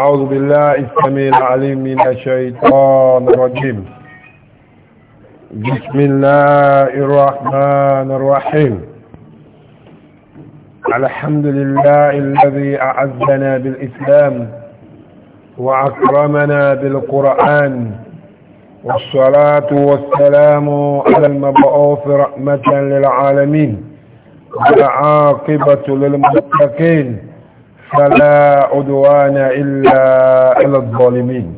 أعوذ بالله السميع العليم من الشيطان الرجيم بسم الله الرحمن الرحيم الحمد لله الذي أعزنا بالإسلام وأكرمنا بالقرآن والصلاة والسلام على المبعوث رحمة للعالمين والعاقبة للمتقين فلا عدوان إلا على الظالمين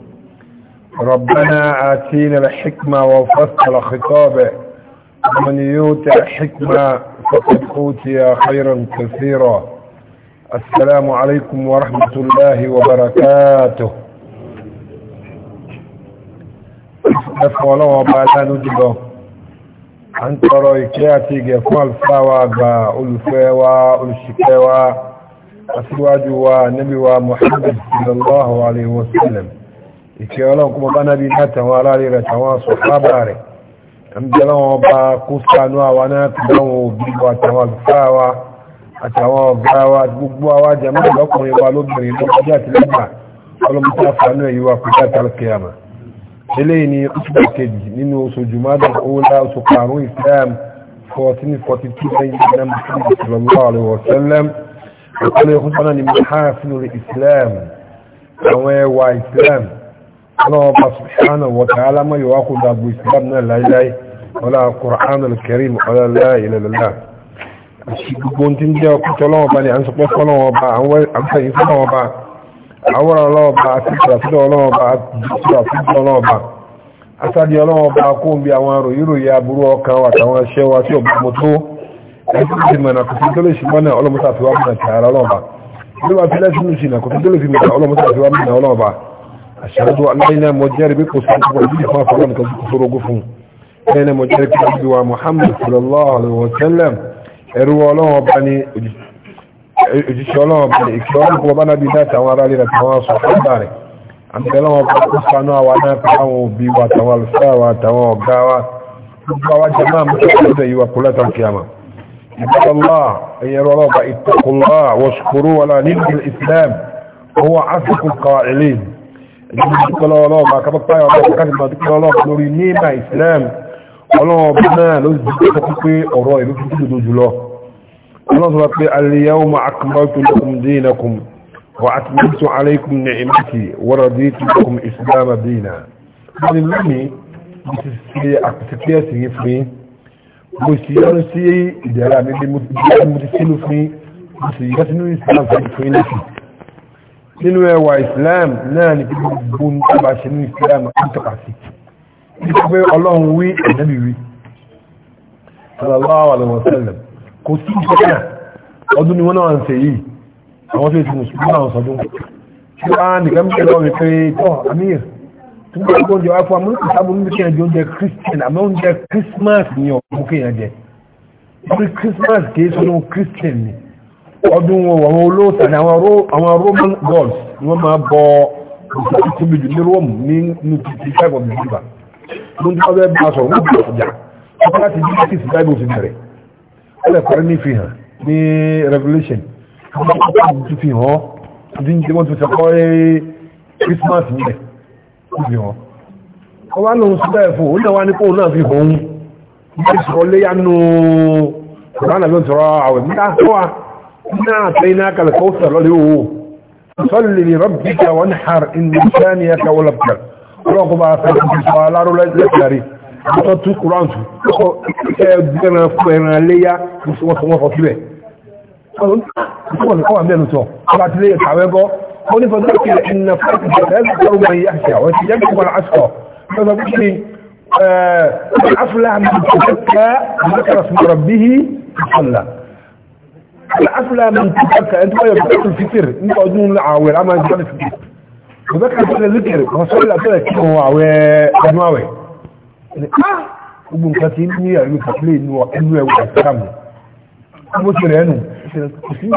ربنا آتينا الحكمة وفصل خطابه ومن يوتع الحكمة فقد أوتي خيرا كثيرا السلام عليكم ورحمة الله وبركاته أفو الله أن نجبه أنت رأيكياتي قفال فالفاوة قا ألفاوى ألشكاوى aṣíwájú wa nabi wa muhammad sallallahu alaihi wasallam ìkẹ́ ọlọ́run kuma bá nábi látàwọn aláàrí rẹ̀ tàwọn sọ̀fábà rẹ̀ ẹ̀mjẹ́lá wọn bá kó sánú àwọn náà ti dáwọn òbí wa àtàwọn àlùfáàwà àtàwọn ọ̀gáwà gbogbo àwa jẹ́mọ́ ìlọ́kùnrin wa lóbìnrin lọ́kùnrin àti lẹ́gbà ọlọ́mọta fàánú ẹ̀yí wa kúta tàlkìyàmà eléyìí ni oṣù kejì 1442 lẹ́yìn náà muhammad sallallahu alaihi ìpínlẹ̀ ìkúnpọ̀nà ni mahafinu islam àwọn ẹwà islam ọlọ́ọ̀bá subhanahu wa ta'ala mọ́ yíwá kó dàgbò islam náà láíláí ọlá kùránù kẹrìm ọlọ́lá ìlẹ̀lọ́lá gbogbo tí ń jẹ́ ọkùnrin ọlọ́ọ̀bá ni à ń sọpọ́ fọ́lọ́ọ̀bá àwọn àfẹ́yìn fọ́lọ́ọ̀bá àwọn ọlọ́ọ̀bá àtìkìrà fún ọlọ́ọ̀bá àtìkìrà fún ọlọ́ọ̀bá asáde ọlọ́ọ̀bá kó ń bi àwọn ròyìnròyìn aburú ọkàn àtàwọn aṣẹ́wà tí ẹ̀sìn ìmọ̀nà kò tó lè ṣe mọ́nà ọlọ́mọta fi wá mọ̀nà tààrà ọlọ́ọ̀bá ló bá fi lẹ́sìn ní ṣìnà kò tó lè fi mọ̀nà ọlọ́mọta fi wá mọ̀nà ọlọ́ọ̀bá ni òjíṣẹ́ ni ìkẹ́ ọlọ́ọ̀bá wọn bá nábi náà rẹ̀ tàwọn sọ fọ́nbà rẹ̀ àmì ọlọ́ọ̀bá kó sanú àwa náà tàwọn òbí wa tàwọn alùfáà wa tàwọn ọ̀gá wa gbogbo àwa jẹ́ máa mú kí wọ́n عباد الله اي رب اتقوا الله واشكروا ولا نلغي الاسلام هو عصف القائلين ذكر الله ذكر الله اسلام بنا الله سبحانه اليوم اكملت لكم دينكم واتممت عليكم نعمتي ورضيت لكم اسلام دينا mo sì yọ́nú sí ìdẹ̀ra mi bí mo ti sínú fún mo sì yọ́ sínú islam fún fún ilẹ̀kì nínú ẹwà islam náà ni kíkọ́ gbogbo ń tàbà ṣe nínú islam ń tọ́ka sí nípa pé ọlọ́run wí ẹ̀dẹ́bì wí sallallahu alaihi wasallam kò sí ìṣẹ́kà ọdún ni wọ́n náà ń ṣe yìí àwọn tó ti mùsùlùmí náà sọdún kí wọ́n á nìkan mú kẹ́lọ́ mi pé tọ́ àmìyàn tún bá gbọ́njẹ wá fún amúlùkù sábà nínú kí ẹjọ́ oúnjẹ christian àmọ́ oúnjẹ christmas ni ọ̀pọ̀ kí ẹjẹ ọdún christmas kìí sọ́nà christian ni ọdún wọn àwọn olóòtà ni àwọn roman gods ni wọ́n máa bọ ìṣàkóso tóbi jù ní rome ní ní títí five of december lóun tí wọ́n bẹ́ẹ̀ bá sọ̀rọ̀ wọ́n bí ọ̀jà wọ́n láti bí wọ́n ti sì bible ti bẹ̀rẹ̀ wọ́n lè parí ní ìfihàn ní revolution wọ́n ti fi hàn ọdún tí wọ́n ti sọ̀kọ́ christmas nílẹ̀ níbi wọn ọwá lòun sí bẹ́ẹ̀ fún òun náà wá ní kóun náà fi hòun bí sọ léyà nù ìbáná ló ń sọ̀rọ̀ àwẹ̀ nígbà tó wa náà tẹ́yìn náà kalẹ̀ kó sọ̀rọ̀ lé owó sọ́lì ní rọ́bì kíkà wọn har ìní sẹ́ni ẹ̀ka wọlé pẹ̀lú ọlọ́run kó bá a fẹ́ kí sọ aláró lẹ́gbẹ̀rẹ́ àtọ́ tú kuran tù kó ẹ gbẹ̀rẹ̀ fún ẹran léyà wọ́n fọ́ síbẹ̀ قولي فضلك إن فاتح لا يذكر من يحشى وتجمع العسكر فذكرني الأفلح من تزكى ذكر اسم ربه صلى الأفلح من تزكى أنت ما يبدأ الفطر أنت أدنون العاوير أما أنت الفطر وذكر كل ذكر وصلى كل كم هو عاوي آه، ابن كثير ni àrí kàtílé inú ẹwà ìsìlámù. Mo ṣe rẹ̀ ẹnu, ìṣẹ̀lẹ̀ kò sí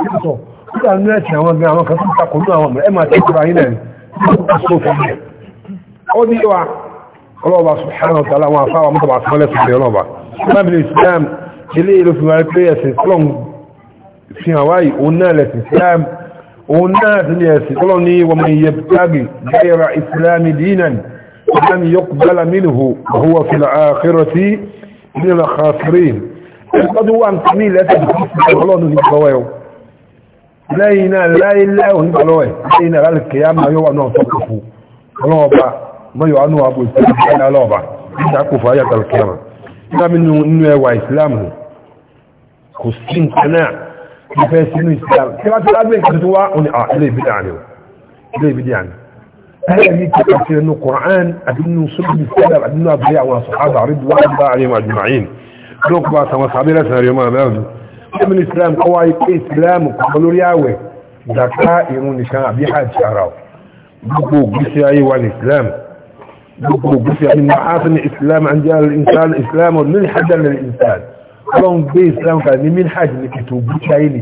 kúrò ní ẹ̀sìn àwọn gan àwọn kan tó takò ní àwọn ẹ̀ máa tẹ́kọ̀ọ́ ayé lẹ́yìn ó ní wa ọlọ́ọ̀bà subhanahu wa ta'ala wọn afáwà mọ́tò bá sọ́lẹ̀ sọ́lẹ̀ ọlọ́ọ̀bà bábìlì islam ilé ìlú fi wáyé pé ẹ̀sìn kọlọ̀n fi hàn wáyé òun náà lẹ̀sìn islam òun náà ti ní ẹ̀sìn kọlọ̀n ní wọn mọ̀ lẹ́yìn náà láìlẹ́ onígbàlọ́ ẹ̀ lẹ́yìn náà lálẹ́kẹ̀ yá máa yọ́wà náà tọ́kù fún ọlọ́ọ̀bá mọ́yọ̀ anú àbò ìsìnkú ọlọ́ọ̀bá ìdákò fún ayàtà kẹrà nígbàmí nínú ẹwà ìsìlámù kò sí nǹkan náà ìfẹ́ sínú ìsìlámù kí wá tí lábẹ́ nǹkan tó wá òní ah, ilé ìbí dàní ilé ìbí dàní ẹ̀rẹ́ mi kò kà sí ẹnu kùrán àti nínú sọ́bìbì sẹ́lẹ̀ àti nínú àbúrẹ́ àwọn sọ̀hábà rí duwá bá àríwá jùmáyìn lókùbà sàwọn sàbẹ́rẹ́ sàrẹ́mọ́ àbẹ́rẹ́ ẹ̀mí islam kọ́ wáyé pé islam kọ́ lórí àwẹ̀ zaka irun nìkan àbí hajj ara o gbogbo ògbésí ayé wa ní islam gbogbo ògbésí ayé ma á fi ní islam an jẹ́ al-insan islam min hajj al-insan ọlọ́run gbé islam kan ní min hajj ní kìtò ògbésí ayé ni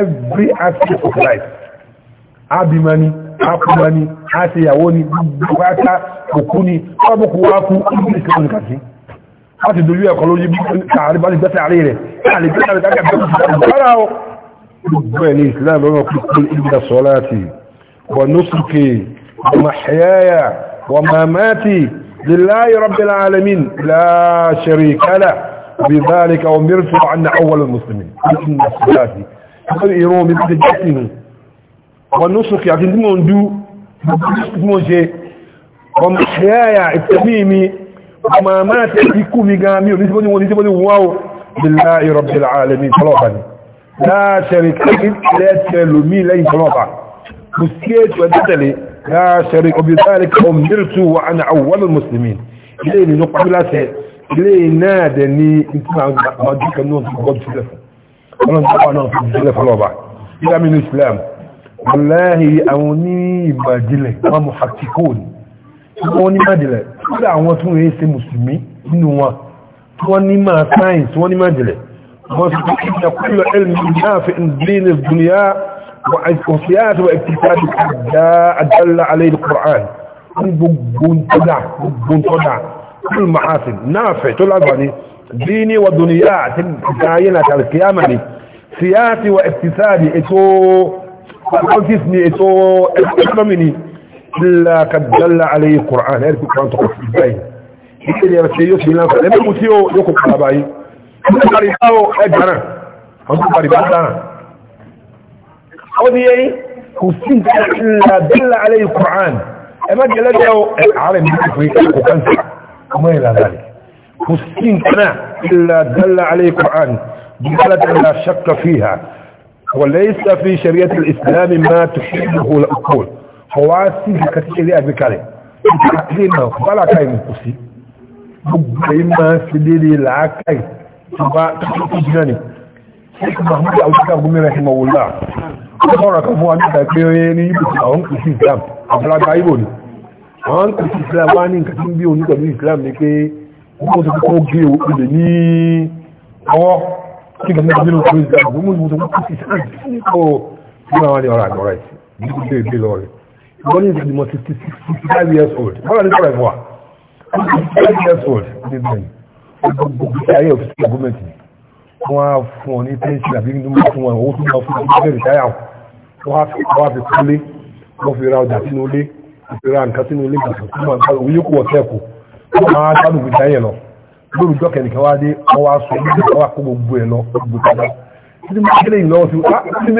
every aspect of life abimani akumani àtìyàwó ni gbogbo ata òkú ni ọbùkù wá kú ìgbésí kan nìkan láti dojú ẹ̀kọ́ lórí bí kàrí bá ti gbẹ́sẹ̀ àárẹ̀ rẹ̀ àlejò àrẹ dákẹ́ bẹ́ẹ̀ sí ara ọ gbogbo ẹ̀ ní islam lọ́nà kúkú ìgbà sọ́láàtì wà nùsùkè wà màṣẹ́yà wà màmáàtì لله رب العالمين لا شريك له بذلك أمرت أن أول المسلمين إن صلاتي أقول إيروم بذلك ونسخي عشان دي موندو موجه ومحيايا التميمي وماماتي بكو ميغامي ونسبني ونسبني واو بالله رب العالمين طلبا لا شريك لا تلومي لي طلبا مسكيت ودتلي لا شريك بذلك أمرت وأنا أول المسلمين إليه نقبل سهل إليه نادني انتما مجيك النوم في قد سلفة أنا نقبع نوم في سلفة لوبا إلى من الإسلام والله أوني باجلة ومحققون أوني باجلة كل عواتهم يسي مسلمين إنه وني ما ساينس وني ما جلي وإن كل علم نافع دين الدنيا وسياسة واكتساب أدل عليه القرآن بون تدع بون تدع كل محاسن نافع تلعبني ديني ودنيا تدعينا كالقيامة سياسي واكتسابي إتو فالكسني إتو إتو إلا قد دل عليه القرآن هذا القرآن تقول في البيت ìṣẹ́ ni ẹ̀ṣẹ́ yóò ṣe lánfà lẹ́mẹ́mú tí ó yóò kò kàlàbà yìí ọdúnkà وليس في شريعة الإسلام ما تحيبه لأقول هو سيجي كتشيري أبكالي انت أقليم فلا كاي من قصي gbogbo èyí máa ń fi lérí làákàì tó bá tó jìnà ní ṣíkú mahmoud alfika gómìnà ṣe mọ̀wòlá ọ̀rọ̀ kan fún wa nígbà pé ó ní ibùsùn àwọn kò sí islam àbúrágbá ibò ni àwọn kò sí islam wá ní nǹkan tí ń bí òun pẹ̀lú islam ni pé wọ́n tó kó gé olè ní ọwọ́ kí nǹkan mẹ́ta nínú ìlú islam wọ́n tó kó sí islam ó ní àwọn ní ọ̀rọ̀ àgbọ̀rẹ̀ ní kò dé ìgbé lọ rẹ̀ wọ́n ní ìgbà ni mo ti ti five years old wọ́n ní ọ̀rọ̀ ìfọ̀wà eight years old ní bẹ́ẹ̀ gbogbo ayé òfìsí gọ́ọ̀mẹ̀ntì wọ́n á fún ọ ní pẹ́ńsì àbí ní wọ́n fún ọ owó tó máa fún ọ bẹ́ẹ̀ rìtáyà wọ́n á fi kúlé wọ́n fi ra ọjà sínú ilé fi ra nǹkan sínú ilé gbàgbọ́ tó máa gbàgbọ́ yóò kú ọ̀sẹ̀ kù wọ́n á dánù gbèjà yẹn lọ lórí ìjọ kẹ̀nìkan wá dé wọ́n wá sọ ní ìjọba wà kó gbogbo ẹ̀ lọ gbogbo tàbá títí máa kílẹ̀ yìí lọ́wọ́ sí wá ah, sí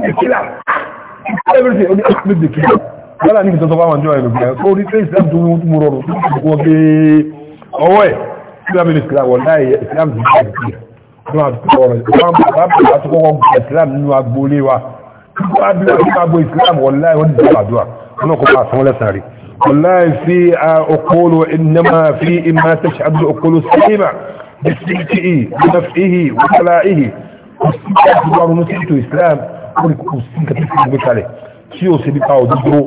ní kílà everything ó ní ọdún dèkì yálà ní ìtọ́sọ fáwọn àjọ ẹ̀rọ gbìyànjú kó rí pé islam tó wọ́n mú rọrùn tó kù wọ́n gé ọwọ́ ẹ̀ islam ní islam wọ̀ láì islam ti gbà ìgbà ìgbà ọ̀rọ̀ ìgbà bàbá tó kọ́kọ́ gba islam nínú agboolé wa kíkọ́ abúlé wọn nípa agbo islam wọ̀ láì wọ́n ti gbà àdúrà wọn náà kó bá àtúnwọ́n lẹ́sàn rí والله في أقول إنما في إما تشهد أقول السليمة بسيئته ونفعه وخلائه والسلام إسلام lórí kò sí nǹkan tó fi gbé kalẹ̀ tí ó sì nípa òdodo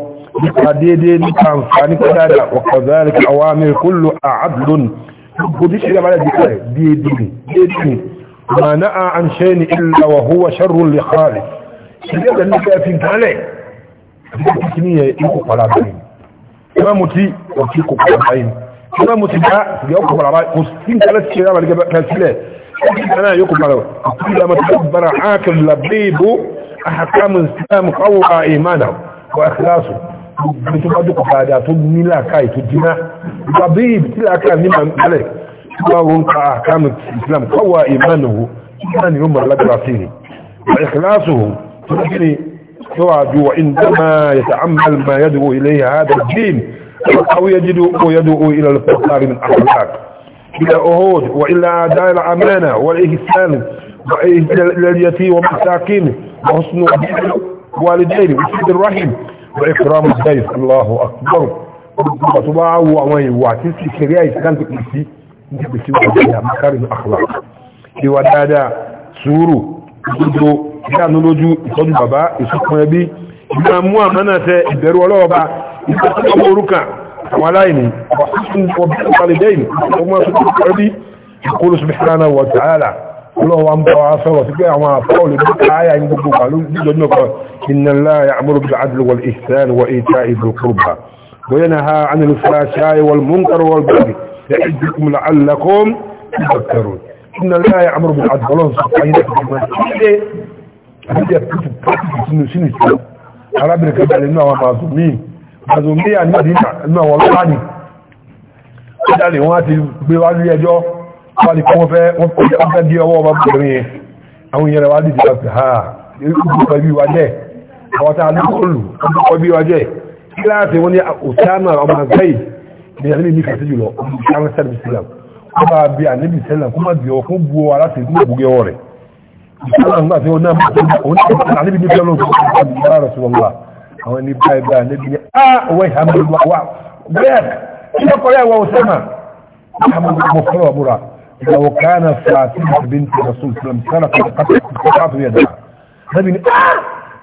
nípa déédéé nípa àǹfààní pé dáadáa ọ̀kan záàrí kí àwọn àmì kúlò àádùn gbogbo ní ṣẹlẹ̀ bàlẹ̀ dìkọ̀ rẹ̀ déédéé déédéé mà náà à ń ṣe ní ilà wà hùwà ṣarú lè xaarẹ̀ ṣẹlẹ̀ bàlẹ̀ nípa ẹ̀fìn kalẹ̀ àti kí ni yẹ ikú pàlà báyìí ìmá mu ti ọ̀kí kò pàlà báyìí ìmá mu ti dá ìgbà kò pàlà báyìí kò sí nǹkan láti ṣe náà bàlẹ̀ kẹsílẹ̀ ẹ̀kí náà yóò kò أحكام الإسلام قوى إيمانهم وإخلاصهم بتبادك فادا تبنيلا كاي تجمع طبيب تلا كان من عليك وهم أحكام الإسلام قوى إيمانه إيمان يوم الرسيني وإخلاصه تبني يعد وعندما يتعمل ما يدعو إليه هذا الدين أو يجد ويدعو إلى الفقار من أخلاق إلى أهود وإلى أداء الأمانة والإحسان إلى اليتيم والمساكين وحسن والدين وسيد الرحم وإكرام الضيف الله أكبر وطبعه وعمي وعتسي كريعي كانت كنسي انت بسيوة مكارم الأخلاق ìwàdáadáa sùúrù gbogbo ìdáàánú lójú ìtọ́jú bàbá ìsọ́kùn ẹbí ìgbà mú àmánà tẹ ìbẹ̀rù ọlọ́ọ̀bá ìgbàtọ́gbọ̀ orúkà àwọn aláìní wà fún ọbí ọ̀pálẹ̀dẹ́yìn ọmọ ọlọ́wọ́ ń bá wa sọ̀rọ̀ sí pé àwọn àfọ́ lè bí káyà ń gbogbo wà lójújọ ní ọkọ̀ iná láàyè àmúròbí àdìlúwọ̀l ìsẹ́n wọ ìta ìdòkúrùbà bóyá na ha an ilfura ṣáyé wọl múnkarwọl bàbí da ìdíkùn la'allakom ìbàkaro iná láàyè àmúròbí àdìlúwọ̀l sọ ayé da ìgbìmọ̀ ṣíṣe àti da pípù pàtàkì sínú sínú sí arábìnrin kan balẹ̀ nínú àwọn mazumi mazumi àníwàdí nínú àwọn ọlọ́wà ni ó dálé wọn ti gbé wá lé ẹjọ́ wọ́n kọ́ wọ́n fẹ́ wọ́n fẹ́ di ọwọ́ ọba bẹ̀rẹ̀ yẹn àwọn èèyàn rẹ̀ wá dìde ọ̀sẹ̀ ha ìgbìkọ̀ bí wa jẹ́ àwọn tá a ní kọlù ọkọ̀ bí wa jẹ́ kíláàsì wọn ni òsánà ọmọ àgbáyì ní àníbi ní fẹsẹ̀ jùlọ ọmọ sẹ́lẹ̀ sílẹ̀ wọ́n bá bí àníbi sẹ́lẹ̀ kó má bí ọ fún bu ọ aláṣẹ ìdúró gbogbo ọwọ́ rẹ̀ ìsánà nígbà tí wọ́n náà àníbi ní fẹ́ لو كان فاطمة بنت رسول صلى الله عليه وسلم قد قطعت يدها نبي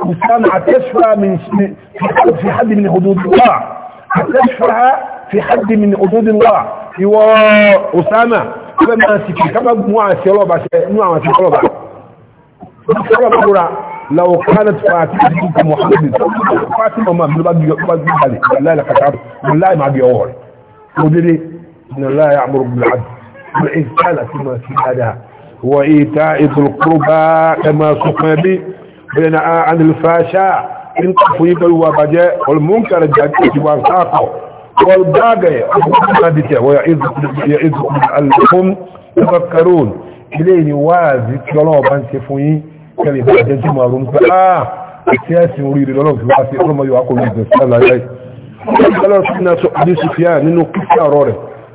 مسامعة آه! تشفى من في حد من حدود الله تشفى في حد من حدود الله هو أسامة كما سكي كما مع مو مع سيلوبة سيلوبة لو كانت فاطمة بنت محمد فاطمة ما من بعد بعد بعد لا لا قطعت لا ما بيقول ودري ان الله يعمر بالعدل والإنسان كما في هذا وإيتاء ذو القربى كما سكن به وينهى عن الفحشاء إن تفويض الوبجاء والمنكر الجديد والساقه والباغي ويعظكم لعلكم تفكرون إليه وازي كلام بانتي فوين كلمة جمع رمضان àti ẹ̀sìn oríire lọ́nà tí wá sí ọlọ́mọ yóò akọ̀lù ìgbẹ̀sẹ̀ láyé. Ọlọ́run sí náà sọ àdé Sùfíà nínú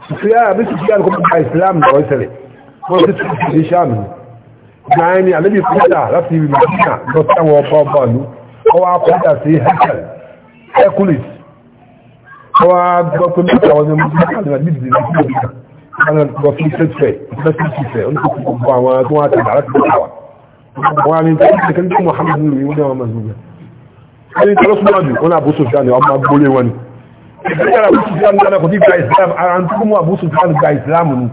sufiyana bí sufiyana kò bá islam lọ ìṣẹ̀lẹ̀ wọ́n ti tún ṣe ṣáàmù náà do àlébì kúta láti ibi màdínà lọ sáwọn ọba ọba ìlú ọwọ́ akọ́ta sí hekal hercules ọwọ́ gbọ́ pé mẹ́ta wọn ni mo ti kà ní àdébì ní ìlú Àwọn ọ̀gbọ̀n fi ṣẹ́fẹ̀, ìfẹ́sí ti fẹ̀, oníkùnkùn gbogbo àwọn tó wá tẹ̀lé láti gbogbo àwọn. Wọ́n ni tẹ́lẹ̀ tẹ́lẹ̀ tẹ́lẹ̀ Mùhàmmadu ni wọ́n ní àwọn ọmọ ìgbìyànjú. Ẹni tẹ́lẹ̀ súnmọ́ jù, wọ́n ní àbúṣọ̀ sí àná, ọmọ agbólé wọn ni ìgbésẹ̀ àbú sùfíàn náà kò tí gba islam ara ń túnmù àbú sùfíàn gba islam ni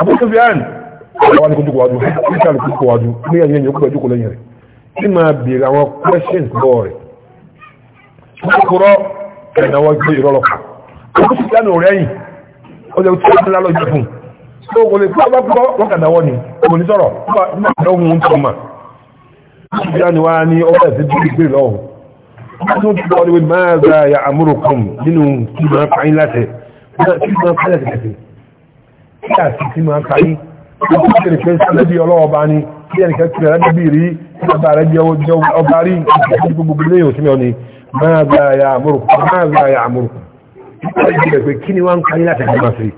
àbú sùfíàn àwọn ní kójú kọwàjú ìṣàlù kójú kọwàjú ní ẹ̀yìn ẹ̀yìn kójú kọlẹ̀ yẹn rẹ̀ tí máa bèèrè àwọn questions bọ́ rẹ̀ kúrọ́ ẹ̀nàwó gbé ìrọ́lọ́pàá àbú sùfíàn rẹ̀yìn ó lè tí wọ́n lálọ́ jẹ tó kò lè tí wọ́n kúrọ́ lọ́kàdáwọ́ ni kò ní sọ̀rọ̀ nígbà tó ń tọ́ mà sùfíàn wa ní ọ ọdún tí wọ́n wọ́n máa gba ya àmúrùkùn nínú tí máa fàáyín láti tí máa fàáyín láti kẹfẹ́ tí a sì tí máa fàáyín tí ó kéré pé sábẹ́bí ọlọ́ọ̀bá ni tí ẹnì kẹ́kẹ́ rẹ̀ lábẹ́bí rí ọba rẹ̀ jẹ́ ọba rí ìgbésí gbogbo lẹ́yìn òsì mẹ́ọ̀ ni máa gba ya àmúrùkùn máa gba ya àmúrùkùn tí ó pé kí ni wọ́n ń fàáyín láti kẹfẹ́ sí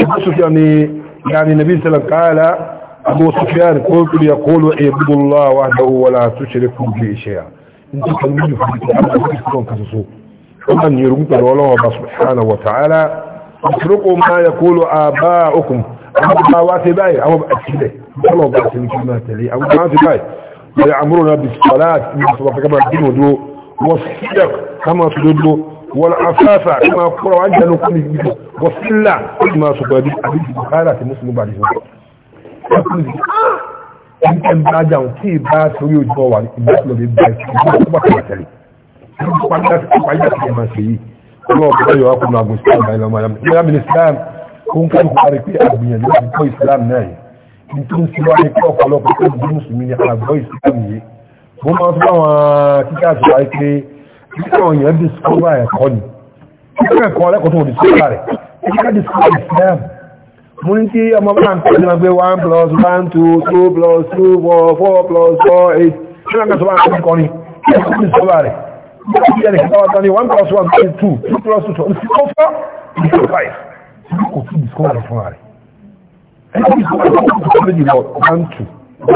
Abu Sufyan ni yani Nabi sallam kala Abu Sufyan qultu yaqulu ibudullah wahdahu wa la tushriku bihi shay'an nítorí kan níbi fún mi àwọn ọmọ ìṣúná kan soso wọn ni irun pẹ̀lú ọlọ́wọ́ bá subhana wa ta'ala ìṣúrókò máa yẹ kólo àbá okùn àwọn bá wá sí báyìí àwọn àtìlẹ̀ ọlọ́wọ́ bá sí ní kí máa tẹ̀lé àwọn bá sí báyìí wọ́n àmúrò náà bí sọ́lá àti ní sọ́lá fẹ́ kábàá dínú dúró wọ́n sílẹ̀ kámà tó dúró wọ́n afáfà kámà kúrò wọ́n jẹ́ lókùn ní ìgbìmọ̀ wọ́n sílẹ̀ ó sì máa sọ̀kọ̀ ẹbí àbí ìgbìmọ̀ ẹn bá jà wọn tí ìbá sórí ojú ọwà ìbá tó lè gba ìṣòro tó bá kọ̀ọ̀ tẹ̀lé pàjá ti máa ṣe yìí ọlọ́ọ̀bù ọyọ̀ ọkùnrin àgùn islam náà ìlọ́mọ ẹ̀yà ìlọ́mọ ẹ̀yà islam ó ń kọ́ ìkọ́ àrí pé àgbìyànjú àti kọ́ islam náà yìí ní tó ń ṣe wá ní pé ọ̀pọ̀lọpọ̀ tó ń mùsùlùmí ní àgbọ̀ islam yìí mo máa fún àwọn kíkà àti wáyé pé kíkà àwọn èèyàn discover ẹ̀kọ́ ni kíkà ẹ̀kọ́ islam mo ní kí ọmọ bá ń tẹ́lẹ̀ máa gbé one plus one two two plus two four four plus four eight ṣé wọn kàn sọ wọn kàn kọrin kí ẹ kúrò sọ́ba rẹ̀ kí ẹ kàn sọ́ba ní one plus one two two two plus two two four four two five ṣé kò tún discover rẹ̀ fúnra rẹ̀ ẹ kí discover rẹ̀ kò tún méjì lọ one two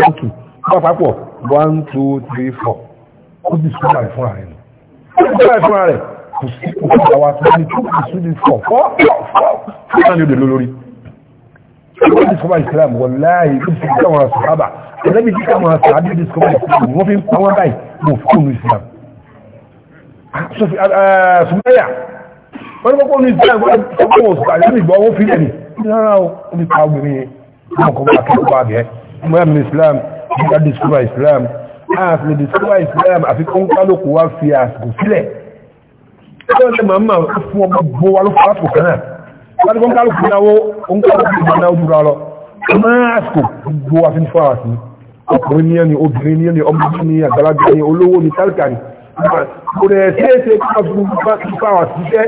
one two wọ́n papọ̀ one two three four kò discover rẹ̀ fúnra rẹ̀ nù kò discover rẹ̀ fúnra rẹ̀ kò sí kò tún àwọn àti two two three four four four four four four lórí wọ́n discover islam wọláyé ló fi kí àwọn sàhábà ẹ̀lẹ́bí kí àwọn sàhábà discover islam wọ́n fi ń pa wọ́n báyìí wọ́n fi kóònù islam sùmẹ́yà ah, ah, wọ́n ní kóònù islam wọ́n fi kóònù islam wọ́n fi gbọ́ wọ́n fi lẹ́nu rárá o wọ́n fi pa obìnrin yẹn wọ́n kọ́ bá akẹ́kọ̀ọ́ bá bẹ́ẹ̀ wọ́n mi islam wọ́n ní màmá ní kó ó ń kọ́ ọ́ ìgbà náà dúró lọ máàsìkò gbogbo wa fi ń fọ́ àti ọkùnrin ní ẹni obìnrin ní ẹni ọmọdé ní àgbàlagbà ní olówó ní tálíkà ní kò rẹ̀ ṣeéṣe kí wọ́n fún fún àwọn àṣìṣẹ́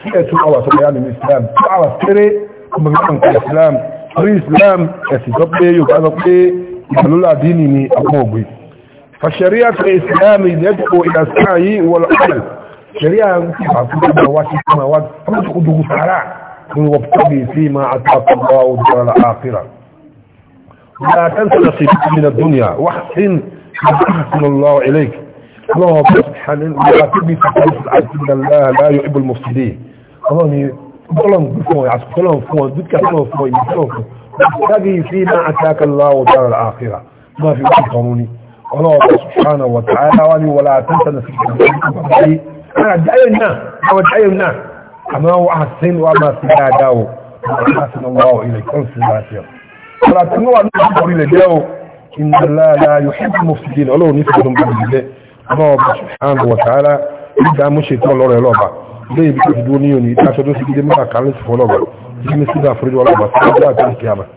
sí ẹ̀tún àwọn àṣọ̀kọ̀yà nínú Islam tó àwọn kéré ọmọbìnrin kan Islam orí Islam ẹ̀sìn sọ pé Yorùbá sọ pé ìmọ̀lólà dínì ni àwọn ògbé fàṣẹríà fẹ Islam ìdẹ́kọ̀ ìdásílẹ̀ yìí wọ́n lọ́kọ̀ọ̀lẹ̀ ṣẹríà ń fi àkókò قل وابتغي فيما اتاك الله الدار الآخرة ولا تنسى نصيبك من الدنيا واحسن أحسن الله إليك الله سبحانه الله تبي تقلص إن الله لا يحب المفسدين اللهم ظلم بلون فوي عسك بلون فوي دك ظلم فوي فوي وابتغي فيما أتاك الله الدار الآخرة ما في وقت قانوني الله سبحانه وتعالى ولا تنسى نصيبك من الدنيا أنا أدعي الناس أنا أدعي الناس àmọ́ wọ́n á sí wọ́n á máa sí dáadáa o wọ́n á sí wọ́n wọ́n ilẹ̀ kan sí máa ṣe ọ̀rọ̀ àti wọ́n wà ní ìgbàgbọ́ ilẹ̀ jẹ́ o ìnàlára yóò ṣe mọ̀ sí ilẹ̀ ọlọ́run